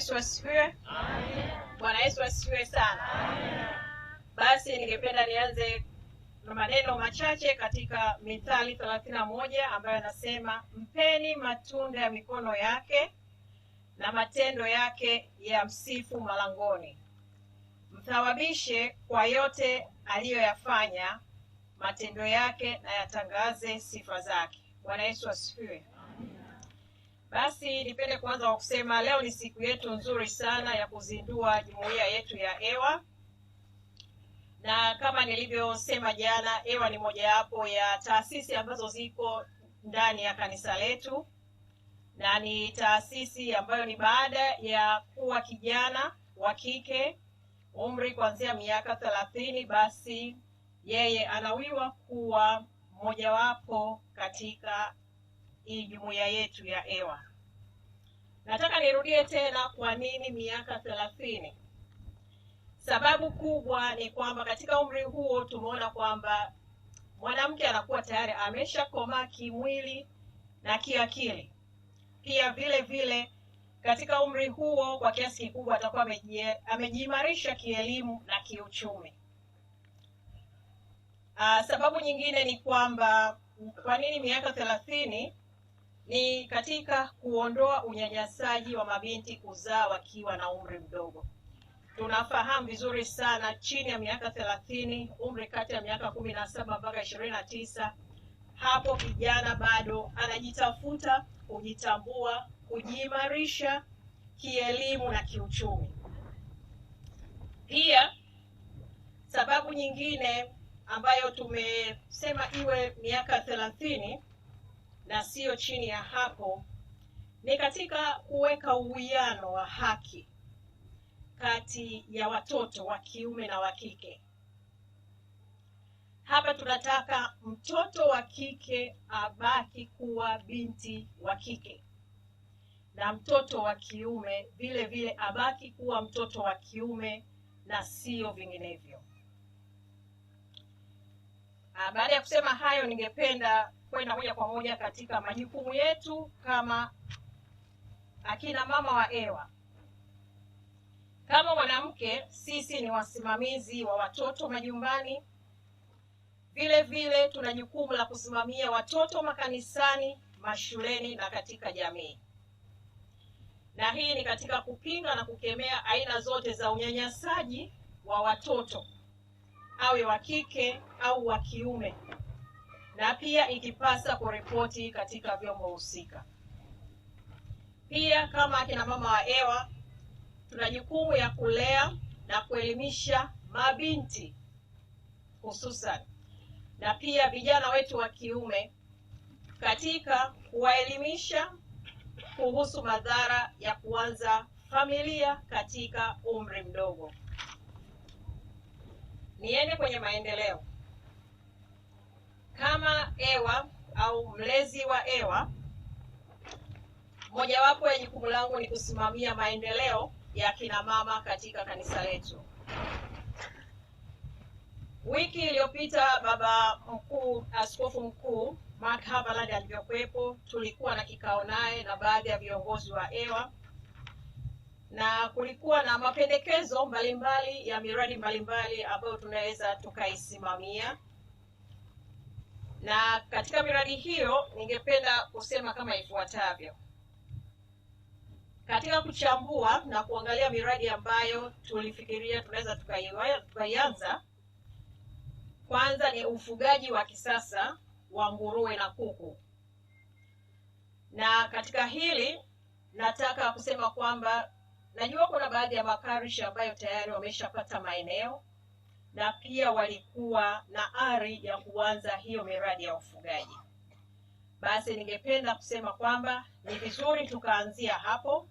Yesu asifiwe. Bwana Yesu asifiwe sana. Basi ningependa nianze na maneno machache katika Mithali thelathini na moja ambayo anasema mpeni matunda ya mikono yake na matendo yake ya msifu malangoni, mthawabishe kwa yote aliyoyafanya, matendo yake na yatangaze sifa zake. Bwana Yesu asifiwe. Basi nipende kuanza kwa kusema leo ni siku yetu nzuri sana ya kuzindua jumuiya yetu ya EWA, na kama nilivyosema jana, EWA ni mojawapo ya taasisi ambazo ziko ndani ya kanisa letu, na ni taasisi ambayo ni baada ya kuwa kijana wa kike umri kuanzia miaka thelathini, basi yeye anawiwa kuwa mmojawapo katika hii jumuiya yetu ya EWA. Nataka nirudie tena, kwa nini miaka thelathini? Sababu kubwa ni kwamba katika umri huo tumeona kwamba mwanamke anakuwa tayari ameshakomaa kimwili na kiakili. Pia vile vile katika umri huo kwa kiasi kikubwa atakuwa amejiimarisha kielimu na kiuchumi. Aa, ah, sababu nyingine ni kwamba kwa nini miaka thelathini? ni katika kuondoa unyanyasaji wa mabinti kuzaa wakiwa na umri mdogo. Tunafahamu vizuri sana chini ya miaka thelathini, umri kati ya miaka kumi na saba mpaka ishirini na tisa, hapo kijana bado anajitafuta, kujitambua, kujiimarisha kielimu na kiuchumi. Pia sababu nyingine ambayo tumesema iwe miaka thelathini na siyo chini ya hapo, ni katika kuweka uwiano wa haki kati ya watoto wa kiume na wa kike. Hapa tunataka mtoto wa kike abaki kuwa binti wa kike na mtoto wa kiume vile vile abaki kuwa mtoto wa kiume na sio vinginevyo. Ah, baada ya kusema hayo, ningependa kwenda moja kwa moja katika majukumu yetu kama akina mama wa EWA. Kama mwanamke, sisi ni wasimamizi wa watoto majumbani, vile vile tuna jukumu la kusimamia watoto makanisani, mashuleni na katika jamii, na hii ni katika kupinga na kukemea aina zote za unyanyasaji wa watoto awe wa kike au wa kiume, na pia ikipasa kuripoti katika vyombo husika. Pia kama akina mama wa EWA tuna jukumu ya kulea na kuelimisha mabinti hususan na pia vijana wetu wa kiume katika kuwaelimisha kuhusu madhara ya kuanza familia katika umri mdogo niende kwenye maendeleo. Kama EWA au mlezi wa EWA, mojawapo ya jukumu langu ni kusimamia maendeleo ya kina mama katika kanisa letu. Wiki iliyopita baba mkuu, askofu mkuu Mark Habaland alivyokuwepo, tulikuwa na kikao naye na baadhi ya viongozi wa EWA na kulikuwa na mapendekezo mbalimbali mbali ya miradi mbalimbali ambayo tunaweza tukaisimamia, na katika miradi hiyo ningependa kusema kama ifuatavyo. Katika kuchambua na kuangalia miradi ambayo tulifikiria tunaweza tukaianza, kwanza ni ufugaji wa kisasa wa nguruwe na kuku, na katika hili nataka kusema kwamba Najua kuna baadhi ya makarishi ambayo tayari wameshapata maeneo na pia walikuwa na ari ya kuanza hiyo miradi ya ufugaji. Basi ningependa kusema kwamba ni vizuri tukaanzia hapo,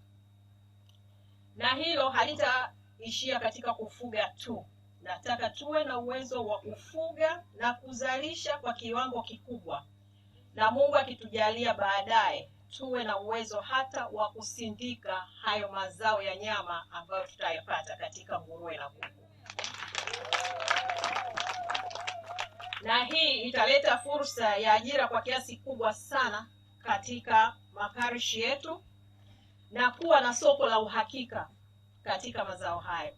na hilo halitaishia katika kufuga tu. Nataka tuwe na uwezo wa kufuga na kuzalisha kwa kiwango kikubwa, na Mungu akitujalia baadaye tuwe na uwezo hata wa kusindika hayo mazao ya nyama ambayo tutayapata katika nguruwe na kuku, na hii italeta fursa ya ajira kwa kiasi kubwa sana katika makarishi yetu na kuwa na soko la uhakika katika mazao hayo.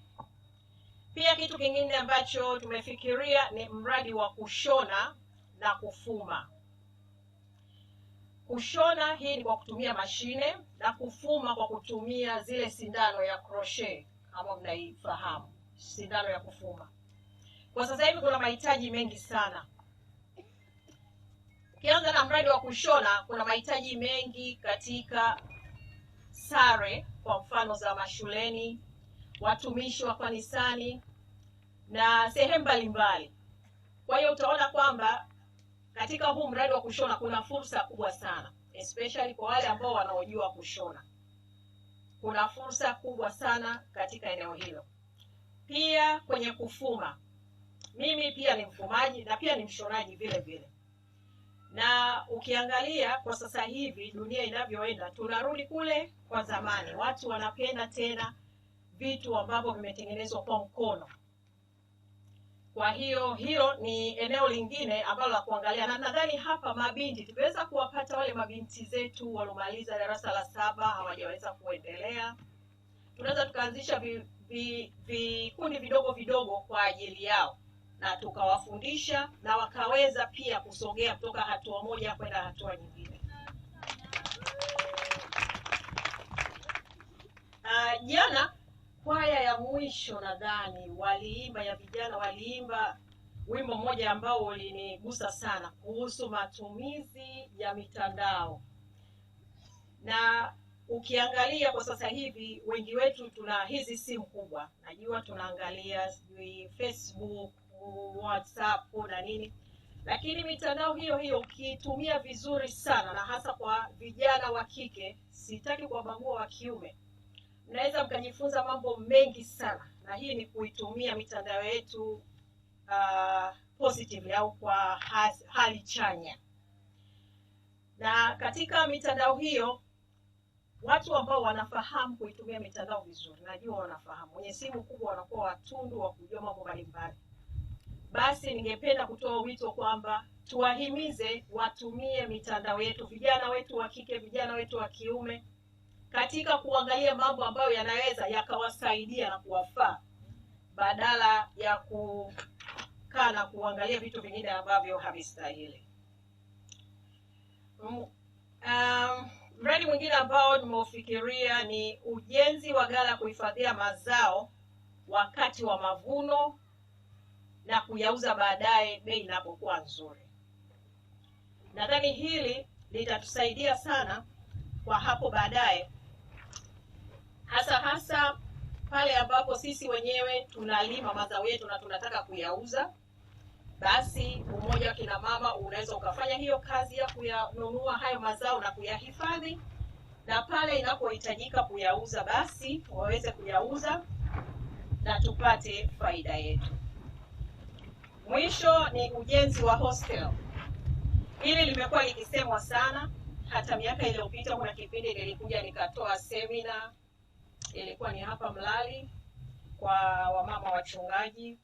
Pia kitu kingine ambacho tumefikiria ni mradi wa kushona na kufuma. Kushona hii ni kwa kutumia mashine na kufuma kwa kutumia zile sindano ya crochet kama mnaifahamu sindano ya kufuma. Kwa sasa hivi kuna mahitaji mengi sana. Ukianza na mradi wa kushona, kuna mahitaji mengi katika sare, kwa mfano za mashuleni, watumishi wa kanisani na sehemu mbalimbali. Kwa hiyo utaona kwamba katika huu mradi wa kushona kuna fursa kubwa sana, especially kwa wale ambao wanaojua kushona. Kuna fursa kubwa sana katika eneo hilo, pia kwenye kufuma. Mimi pia ni mfumaji na pia ni mshonaji vile vile, na ukiangalia kwa sasa hivi dunia inavyoenda, tunarudi kule kwa zamani. Watu wanapenda tena vitu ambavyo vimetengenezwa kwa mkono kwa hiyo hilo ni eneo lingine ambalo la kuangalia, na nadhani hapa mabinti tumeweza kuwapata wale mabinti zetu waliomaliza darasa la saba hawajaweza kuendelea. Tunaweza tukaanzisha vikundi vi, vi, vidogo vidogo kwa ajili yao na tukawafundisha na wakaweza pia kusogea kutoka hatua moja kwenda hatua nyingine. mwisho nadhani waliimba ya vijana, waliimba wimbo mmoja ambao ulinigusa sana kuhusu matumizi ya mitandao, na ukiangalia kwa sasa hivi wengi wetu tuna hizi simu kubwa, najua tunaangalia sijui Facebook, WhatsApp na nini, lakini mitandao hiyo hiyo ukiitumia vizuri sana, na hasa kwa vijana wa kike, sitaki kuwabagua wa kiume mnaweza mkajifunza mambo mengi sana, na hii ni kuitumia mitandao yetu uh, positively au kwa has, hali chanya. Na katika mitandao hiyo watu ambao wanafahamu kuitumia mitandao vizuri, najua wanafahamu, wenye simu kubwa wanakuwa watundu wa kujua mambo mbalimbali. Basi ningependa kutoa wito kwamba tuwahimize watumie mitandao yetu, vijana wetu wa kike, vijana wetu wa kiume katika kuangalia mambo ambayo yanaweza yakawasaidia na kuwafaa badala ya kukaa na kuangalia vitu vingine ambavyo havistahili. Um, mradi um, mwingine ambao nimeufikiria ni ujenzi wa ghala kuhifadhia mazao wakati wa mavuno na kuyauza baadaye bei inapokuwa nzuri. Nadhani hili litatusaidia sana kwa hapo baadaye hasa hasa pale ambapo sisi wenyewe tunalima mazao yetu na tunataka kuyauza, basi Umoja wa Kina Mama unaweza ukafanya hiyo kazi ya kuyanunua hayo mazao na kuyahifadhi, na pale inapohitajika kuyauza, basi waweze kuyauza na tupate faida yetu. Mwisho ni ujenzi wa hostel. Hili limekuwa likisemwa sana, hata miaka iliyopita kuna kipindi nilikuja nikatoa semina ilikuwa ni hapa Mlali kwa wamama wachungaji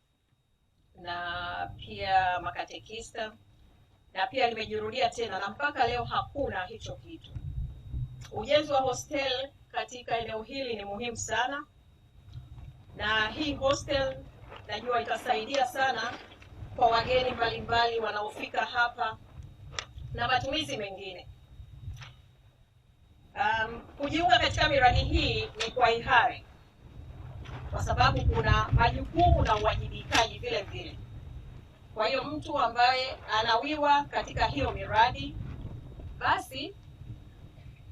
na pia makatekista na pia nimejirudia tena, na mpaka leo hakuna hicho kitu. Ujenzi wa hostel katika eneo hili ni muhimu sana, na hii hostel najua itasaidia sana kwa wageni mbalimbali wanaofika hapa na matumizi mengine. Um, kujiunga katika miradi hii ni kwa hiari, kwa sababu kuna majukumu na uwajibikaji vile vile. Kwa hiyo mtu ambaye anawiwa katika hiyo miradi basi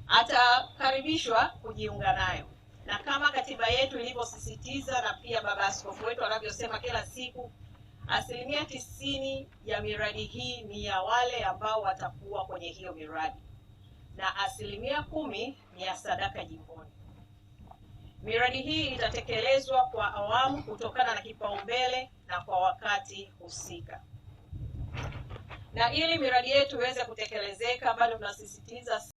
atakaribishwa kujiunga nayo, na kama katiba yetu ilivyosisitiza na pia baba askofu wetu anavyosema kila siku, asilimia tisini ya miradi hii ni ya wale ambao watakuwa kwenye hiyo miradi na asilimia kumi ni ya sadaka jimboni. Miradi hii itatekelezwa kwa awamu kutokana na kipaumbele na kwa wakati husika. Na ili miradi yetu iweze kutekelezeka, bado tunasisitiza